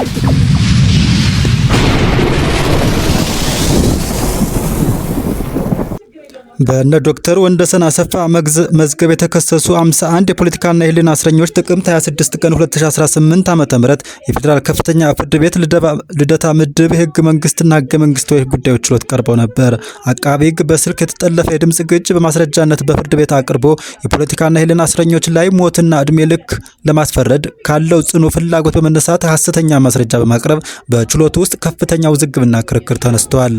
you በእነ ዶክተር ወንደሰን አሰፋ መዝገብ የተከሰሱ 51 የፖለቲካና የህሊና እስረኞች ጥቅምት 26 ቀን 2018 ዓ.ም የፌዴራል ከፍተኛ ፍርድ ቤት ልደታ ምድብ የህገ መንግስትና ህገ መንግስታዊ ጉዳዮች ችሎት ቀርበው ነበር። አቃቢ ህግ በስልክ የተጠለፈ የድምፅ ግጭ በማስረጃነት በፍርድ ቤት አቅርቦ የፖለቲካና የህሊና እስረኞች ላይ ሞትና እድሜ ልክ ለማስፈረድ ካለው ጽኑ ፍላጎት በመነሳት ሀሰተኛ ማስረጃ በማቅረብ በችሎቱ ውስጥ ከፍተኛ ውዝግብና ክርክር ተነስተዋል።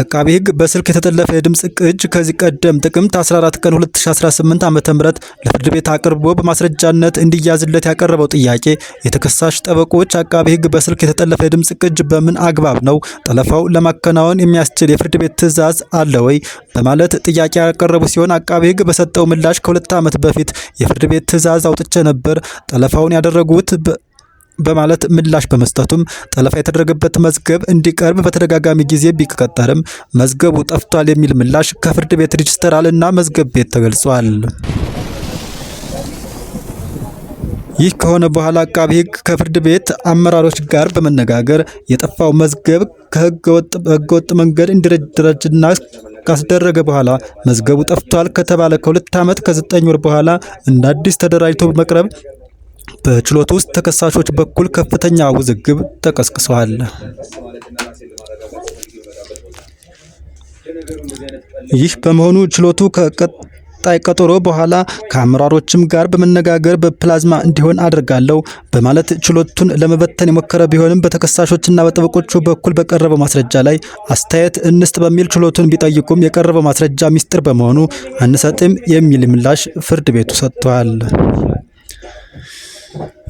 አቃቤ ሕግ በስልክ የተጠለፈ የድምፅ ቅጅ ከዚህ ቀደም ጥቅምት 14 ቀን 2018 ም ለፍርድ ቤት አቅርቦ በማስረጃነት እንዲያዝለት ያቀረበው ጥያቄ የተከሳሽ ጠበቆች አቃቤ ሕግ በስልክ የተጠለፈ የድምፅ ቅጅ በምን አግባብ ነው ጠለፋው ለማከናወን የሚያስችል የፍርድ ቤት ትዕዛዝ አለ ወይ በማለት ጥያቄ ያቀረቡ ሲሆን አቃቤ ሕግ በሰጠው ምላሽ ከሁለት ዓመት በፊት የፍርድ ቤት ትዕዛዝ አውጥቼ ነበር። ጠለፋውን ያደረጉት በማለት ምላሽ በመስጠቱም ጠለፋ የተደረገበት መዝገብ እንዲቀርብ በተደጋጋሚ ጊዜ ቢቀጠርም መዝገቡ ጠፍቷል የሚል ምላሽ ከፍርድ ቤት እና መዝገብ ቤት ተገልጿል። ይህ ከሆነ በኋላ አቃቢ ሕግ ከፍርድ ቤት አመራሮች ጋር በመነጋገር የጠፋው መዝገብ ከህገወጥ መንገድ እንዲደረጅና ካስደረገ በኋላ መዝገቡ ጠፍቷል ከተባለ ከሁለት ዓመት ከዘጠኝ ወር በኋላ እንደ አዲስ ተደራጅቶ በመቅረብ በችሎት ውስጥ ተከሳሾች በኩል ከፍተኛ ውዝግብ ተቀስቅሷል። ይህ በመሆኑ ችሎቱ ከቀጣይ ቀጠሮ በኋላ ከአመራሮችም ጋር በመነጋገር በፕላዝማ እንዲሆን አድርጋለሁ በማለት ችሎቱን ለመበተን የሞከረ ቢሆንም በተከሳሾችና በጠበቆቹ በኩል በቀረበው ማስረጃ ላይ አስተያየት እንስጥ በሚል ችሎቱን ቢጠይቁም የቀረበው ማስረጃ ሚስጥር በመሆኑ አንሰጥም የሚል ምላሽ ፍርድ ቤቱ ሰጥቷል።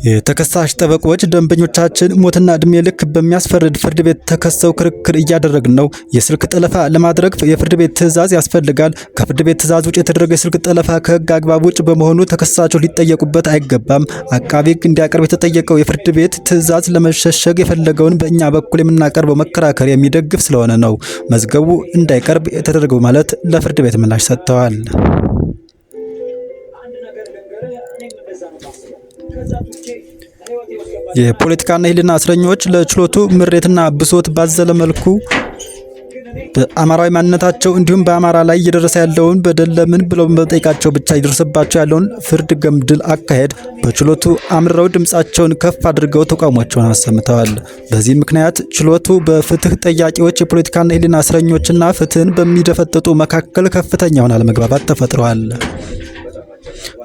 የተከሳሽ ጠበቆች ደንበኞቻችን ሞትና እድሜ ልክ በሚያስፈርድ ፍርድ ቤት ተከሰው ክርክር እያደረግን ነው። የስልክ ጠለፋ ለማድረግ የፍርድ ቤት ትዕዛዝ ያስፈልጋል። ከፍርድ ቤት ትዕዛዝ ውጭ የተደረገ የስልክ ጠለፋ ከህግ አግባብ ውጭ በመሆኑ ተከሳሾች ሊጠየቁበት አይገባም። አቃቢ ሕግ እንዲያቀርብ የተጠየቀው የፍርድ ቤት ትዕዛዝ ለመሸሸግ የፈለገውን በእኛ በኩል የምናቀርበው መከራከር የሚደግፍ ስለሆነ ነው። መዝገቡ እንዳይቀርብ የተደረገው ማለት ለፍርድ ቤት ምላሽ ሰጥተዋል። የፖለቲካና ህልና እስረኞች ለችሎቱ ምሬትና ብሶት ባዘለ መልኩ በአማራዊ ማንነታቸው እንዲሁም በአማራ ላይ እየደረሰ ያለውን በደል ለምን ብለው በመጠየቃቸው ብቻ እየደረሰባቸው ያለውን ፍርድ ገምድል አካሄድ በችሎቱ አምርረው ድምፃቸውን ከፍ አድርገው ተቃውሟቸውን አሰምተዋል። በዚህ ምክንያት ችሎቱ በፍትህ ጠያቂዎች የፖለቲካና ህሊና እስረኞችና ፍትህን በሚደፈጥጡ መካከል ከፍተኛውን አለመግባባት ተፈጥረዋል።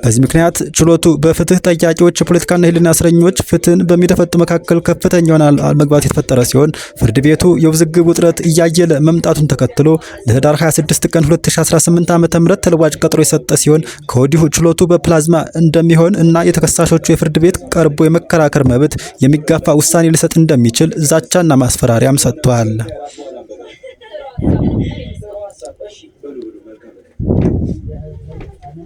በዚህ ምክንያት ችሎቱ በፍትህ ጠያቂዎች የፖለቲካና የህሊና እስረኞች ፍትህን በሚደፈጥ መካከል ከፍተኛውን አለመግባባት የተፈጠረ ሲሆን ፍርድ ቤቱ የውዝግብ ውጥረት እያየለ መምጣቱን ተከትሎ ለህዳር 26 ቀን 2018 ዓ ም ተለዋጭ ቀጥሮ የሰጠ ሲሆን ከወዲሁ ችሎቱ በፕላዝማ እንደሚሆን እና የተከሳሾቹ የፍርድ ቤት ቀርቦ የመከራከር መብት የሚጋፋ ውሳኔ ሊሰጥ እንደሚችል ዛቻና ማስፈራሪያም ሰጥቷል። ይህ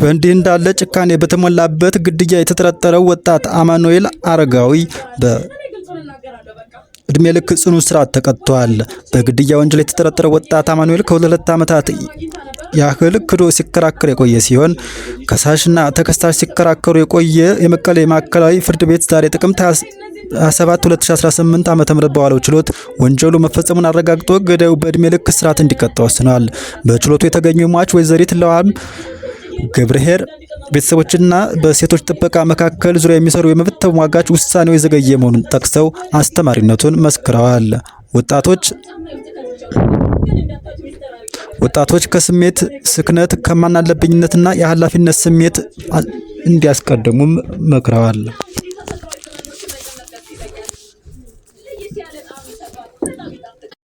በእንዲህ እንዳለ ጭካኔ በተሞላበት ግድያ የተጠረጠረው ወጣት አማኑኤል አረጋዊ በእድሜ ልክ ጽኑ እስራት ተቀጥቷል። በግድያ ወንጀል የተጠረጠረው ወጣት አማኑኤል ከሁለት ዓመታት ያክልክዶ ሲከራከር የቆየ ሲሆን ከሳሽና ተከሳሽ ሲከራከሩ የቆየ የመቀሌ ማዕከላዊ ፍርድ ቤት ዛሬ ጥቅምት 27 2018 ዓ.ም በዋለው ችሎት ወንጀሉ መፈጸሙን አረጋግጦ ገዳዩ በእድሜ ልክ እስራት እንዲቀጣ ወስኗል። በችሎቱ የተገኙ ሟች ወይዘሪት ለዋም ገብርሄር ቤተሰቦችና በሴቶች ጥበቃ መካከል ዙሪያ የሚሰሩ የመብት ተሟጋች ውሳኔው የዘገየ መሆኑን ጠቅሰው አስተማሪነቱን መስክረዋል። ወጣቶች ወጣቶች ከስሜት ስክነት ከማናለብኝነትና የኃላፊነት ስሜት እንዲያስቀድሙም መክረዋል።